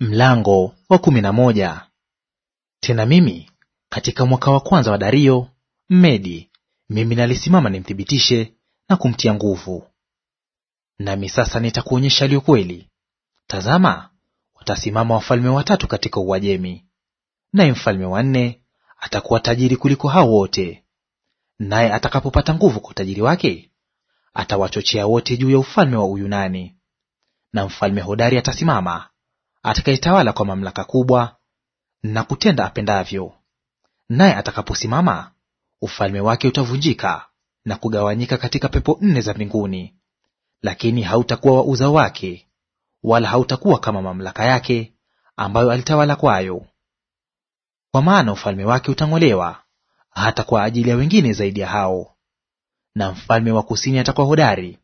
Mlango wa kumi na moja. Tena mimi katika mwaka wa kwanza wa Dario Medi, mimi nalisimama nimthibitishe na kumtia nguvu. Nami sasa nitakuonyesha yaliyo kweli. Tazama, watasimama wafalme watatu katika Uajemi, naye mfalme wa nne atakuwa tajiri kuliko hao wote, naye atakapopata nguvu kwa utajiri wake, atawachochea wote juu ya ufalme wa Uyunani. Na mfalme hodari atasimama atakayetawala kwa mamlaka kubwa na kutenda apendavyo. Naye atakaposimama, ufalme wake utavunjika na kugawanyika katika pepo nne za mbinguni, lakini hautakuwa wa uzao wake, wala hautakuwa kama mamlaka yake ambayo alitawala kwayo. Kwa maana ufalme wake utang'olewa hata kwa ajili ya wengine zaidi ya hao. Na mfalme wa kusini atakuwa hodari,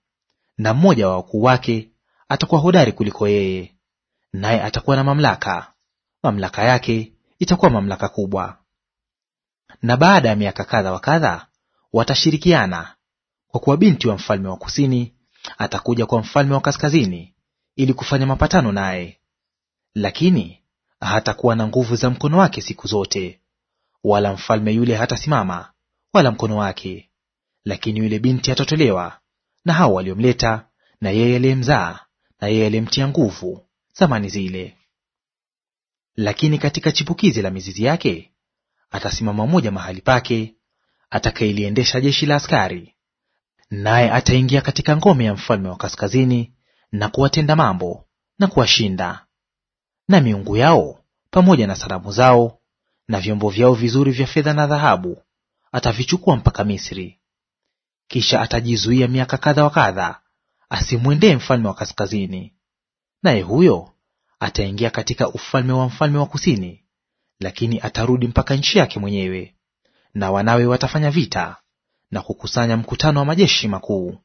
na mmoja wa wakuu wake atakuwa hodari kuliko yeye naye atakuwa na mamlaka; mamlaka yake itakuwa mamlaka kubwa. Na baada ya miaka kadha wa kadha watashirikiana, kwa kuwa binti wa mfalme wa kusini atakuja kwa mfalme wa kaskazini ili kufanya mapatano naye, lakini hatakuwa na nguvu za mkono wake siku zote, wala mfalme yule hatasimama wala mkono wake. Lakini yule binti atatolewa na hao waliomleta, na yeye aliyemzaa, na yeye aliyemtia nguvu, zamani zile. Lakini katika chipukizi la mizizi yake atasimama mmoja mahali pake, atakayeliendesha jeshi la askari, naye ataingia katika ngome ya mfalme wa kaskazini na kuwatenda mambo na kuwashinda. Na miungu yao pamoja na sanamu zao na vyombo vyao vizuri vya fedha na dhahabu atavichukua mpaka Misri. Kisha atajizuia miaka kadha wa kadha asimwendee mfalme wa kaskazini, naye huyo ataingia katika ufalme wa mfalme wa kusini, lakini atarudi mpaka nchi yake mwenyewe. Na wanawe watafanya vita na kukusanya mkutano wa majeshi makuu,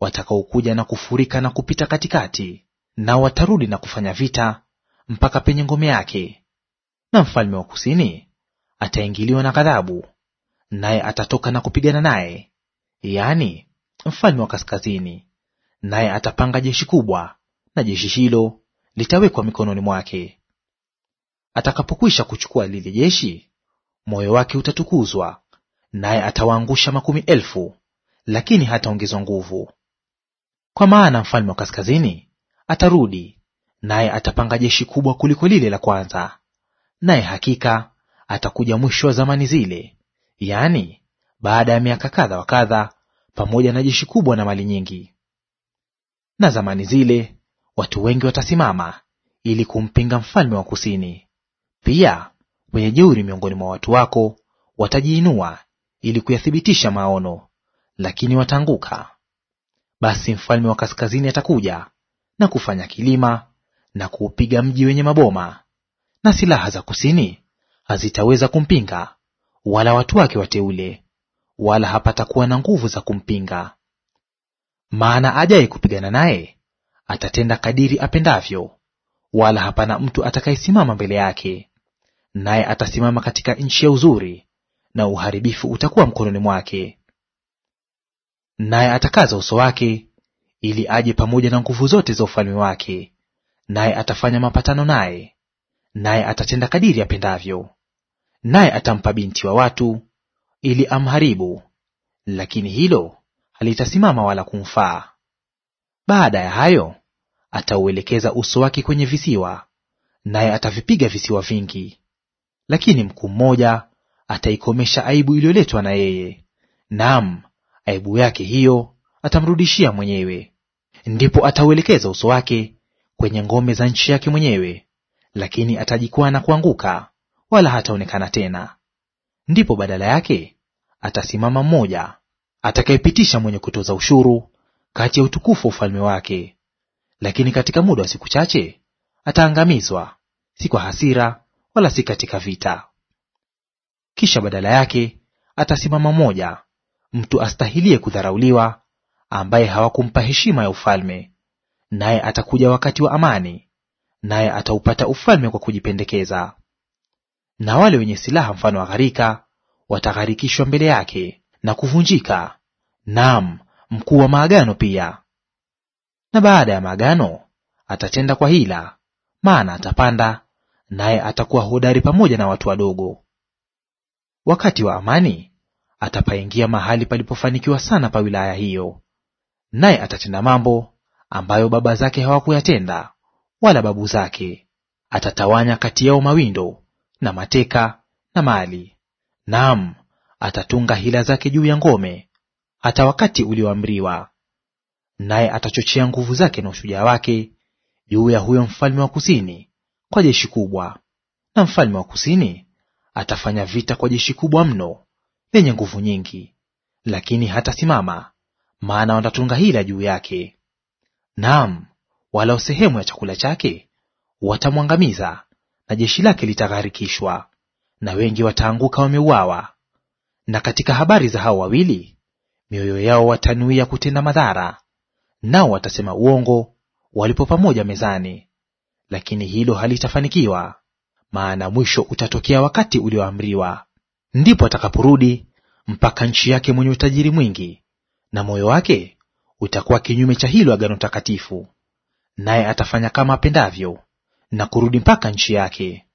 watakaokuja na kufurika na kupita katikati, nao watarudi na kufanya vita mpaka penye ngome yake. Na mfalme wa kusini ataingiliwa na ghadhabu, naye atatoka na kupigana naye, yaani mfalme wa kaskazini, naye atapanga jeshi kubwa na jeshi hilo litawekwa mikononi mwake. Atakapokwisha kuchukua lile jeshi, moyo wake utatukuzwa, naye atawaangusha makumi elfu, lakini hataongezwa nguvu. Kwa maana mfalme wa kaskazini atarudi, naye atapanga jeshi kubwa kuliko lile la kwanza. Naye hakika atakuja mwisho wa zamani zile, yaani baada ya miaka kadha wa kadha, pamoja na jeshi kubwa na mali nyingi. Na zamani zile watu wengi watasimama ili kumpinga mfalme wa kusini. Pia wenye jeuri miongoni mwa watu wako watajiinua ili kuyathibitisha maono, lakini wataanguka. Basi mfalme wa kaskazini atakuja na kufanya kilima na kuupiga mji wenye maboma, na silaha za kusini hazitaweza kumpinga, wala watu wake wateule, wala hapatakuwa na nguvu za kumpinga. Maana ajaye kupigana naye atatenda kadiri apendavyo, wala hapana mtu atakayesimama mbele yake. Naye atasimama katika nchi ya uzuri, na uharibifu utakuwa mkononi mwake. Naye atakaza uso wake ili aje pamoja na nguvu zote za ufalme wake, naye atafanya mapatano naye, naye atatenda kadiri apendavyo. Naye atampa binti wa watu ili amharibu, lakini hilo halitasimama wala kumfaa. Baada ya hayo atauelekeza uso wake kwenye visiwa, naye atavipiga visiwa vingi. Lakini mkuu mmoja ataikomesha aibu iliyoletwa na yeye, naam, aibu yake hiyo atamrudishia mwenyewe. Ndipo atauelekeza uso wake kwenye ngome za nchi yake mwenyewe, lakini atajikwaa na kuanguka, wala hataonekana tena. Ndipo badala yake atasimama mmoja atakayepitisha mwenye kutoza ushuru kati ya utukufu wa ufalme wake, lakini katika muda wa siku chache ataangamizwa, si kwa hasira wala si katika vita. Kisha badala yake atasimama moja mtu astahilie kudharauliwa, ambaye hawakumpa heshima ya ufalme, naye atakuja wakati wa amani, naye ataupata ufalme kwa kujipendekeza. Na wale wenye silaha mfano wa gharika watagharikishwa mbele yake na kuvunjika, naam, mkuu wa maagano pia. Na baada ya maagano atatenda kwa hila, maana atapanda naye atakuwa hodari pamoja na watu wadogo. Wakati wa amani atapaingia mahali palipofanikiwa sana pa wilaya hiyo, naye atatenda mambo ambayo baba zake hawakuyatenda wala babu zake. Atatawanya kati yao mawindo na mateka na mali, naam, atatunga hila zake juu ya ngome hata wakati ulioamriwa naye atachochea nguvu zake na ushujaa wake juu ya huyo mfalme wa kusini kwa jeshi kubwa. Na mfalme wa kusini atafanya vita kwa jeshi kubwa mno lenye nguvu nyingi, lakini hatasimama, maana watatunga hila juu yake. Naam, walao sehemu ya chakula chake watamwangamiza, na jeshi lake litagharikishwa, na wengi wataanguka wameuawa. Na katika habari za hao wawili, mioyo yao watanuia kutenda madhara nao watasema uongo walipo pamoja mezani, lakini hilo halitafanikiwa, maana mwisho utatokea wakati ulioamriwa. Ndipo atakaporudi mpaka nchi yake mwenye utajiri mwingi, na moyo wake utakuwa kinyume cha hilo agano takatifu, naye atafanya kama apendavyo na kurudi mpaka nchi yake.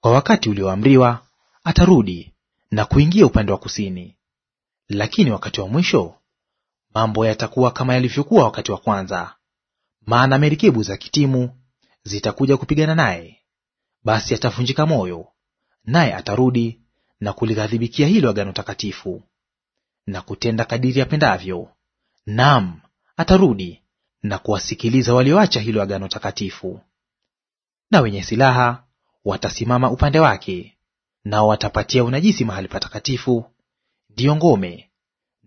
Kwa wakati ulioamriwa atarudi na kuingia upande wa kusini, lakini wakati wa mwisho mambo yatakuwa kama yalivyokuwa wakati wa kwanza. Maana merikebu za Kitimu zitakuja kupigana naye, basi atavunjika moyo, naye atarudi na kulighadhibikia hilo agano takatifu na kutenda kadiri apendavyo naam, atarudi na kuwasikiliza walioacha hilo agano takatifu. Na wenye silaha watasimama upande wake, nao watapatia unajisi mahali patakatifu, ndiyo ngome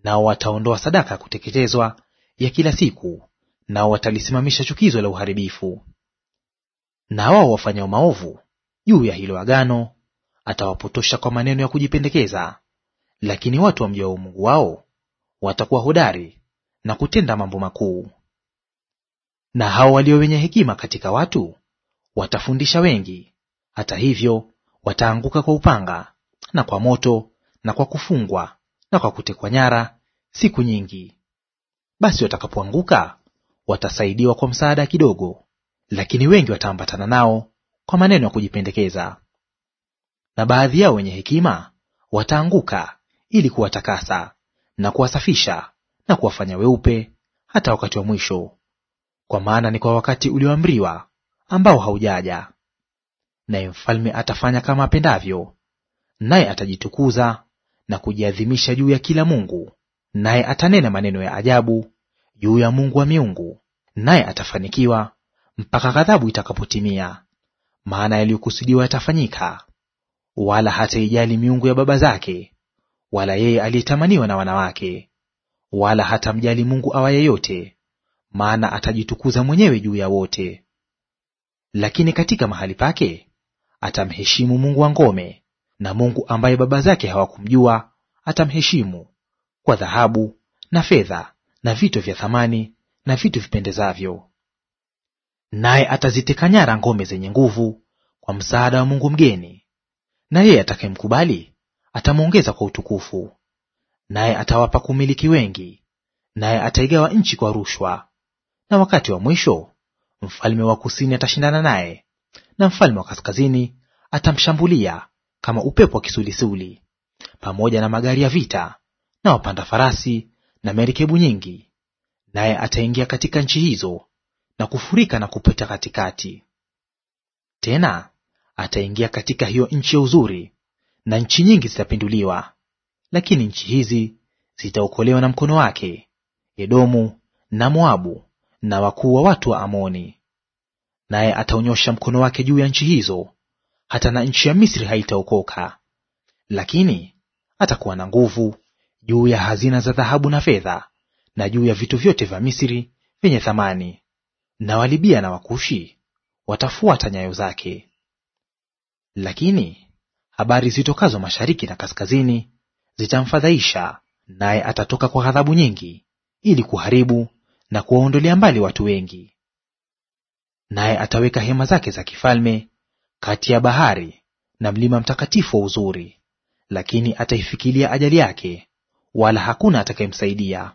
Nao wataondoa sadaka ya kuteketezwa ya kila siku, nao watalisimamisha chukizo la uharibifu. Na wao wafanyao maovu juu ya hilo agano atawapotosha kwa maneno ya kujipendekeza, lakini watu wa Mungu wao watakuwa hodari na kutenda mambo makuu. Na hao walio wenye hekima katika watu watafundisha wengi; hata hivyo wataanguka kwa upanga na kwa moto na kwa kufungwa na kwa kutekwa nyara siku nyingi. Basi watakapoanguka watasaidiwa kwa msaada kidogo, lakini wengi wataambatana nao kwa maneno ya kujipendekeza. Na baadhi yao wenye hekima wataanguka ili kuwatakasa na kuwasafisha na kuwafanya weupe hata wakati wa mwisho, kwa maana ni kwa wakati ulioamriwa ambao haujaja. Naye mfalme atafanya kama apendavyo, naye atajitukuza na kujiadhimisha juu ya kila mungu, naye atanena maneno ya ajabu juu ya Mungu wa miungu, naye atafanikiwa mpaka ghadhabu itakapotimia. Maana yaliyokusudiwa yatafanyika, wala hataijali miungu ya baba zake, wala yeye aliyetamaniwa na wanawake, wala hatamjali Mungu awa yeyote, maana atajitukuza mwenyewe juu ya wote. Lakini katika mahali pake atamheshimu Mungu wa ngome na Mungu ambaye baba zake hawakumjua atamheshimu kwa dhahabu na fedha na vito vya thamani na vitu vipendezavyo. Naye ataziteka nyara ngome zenye nguvu kwa msaada wa Mungu mgeni, na yeye atakayemkubali atamwongeza kwa utukufu. Naye atawapa kumiliki wengi, naye ataigawa nchi kwa rushwa. Na wakati wa mwisho mfalme wa kusini atashindana naye, na mfalme wa kaskazini atamshambulia kama upepo wa kisulisuli, pamoja na magari ya vita na wapanda farasi na merikebu nyingi, naye ataingia katika nchi hizo na kufurika na kupita katikati. Tena ataingia katika hiyo nchi ya uzuri, na nchi nyingi zitapinduliwa, lakini nchi hizi zitaokolewa na mkono wake, Edomu na Moabu na wakuu wa watu wa Amoni. Naye ataonyosha mkono wake juu ya nchi hizo hata na nchi ya Misri haitaokoka. Lakini atakuwa na nguvu juu ya hazina za dhahabu na fedha, na juu ya vitu vyote vya Misri vyenye thamani, na Walibia na Wakushi watafuata nyayo zake. Lakini habari zitokazo mashariki na kaskazini zitamfadhaisha, naye atatoka kwa ghadhabu nyingi, ili kuharibu na kuwaondolea mbali watu wengi. Naye ataweka hema zake za kifalme kati ya bahari na mlima mtakatifu wa uzuri, lakini ataifikilia ajali yake, wala hakuna atakayemsaidia.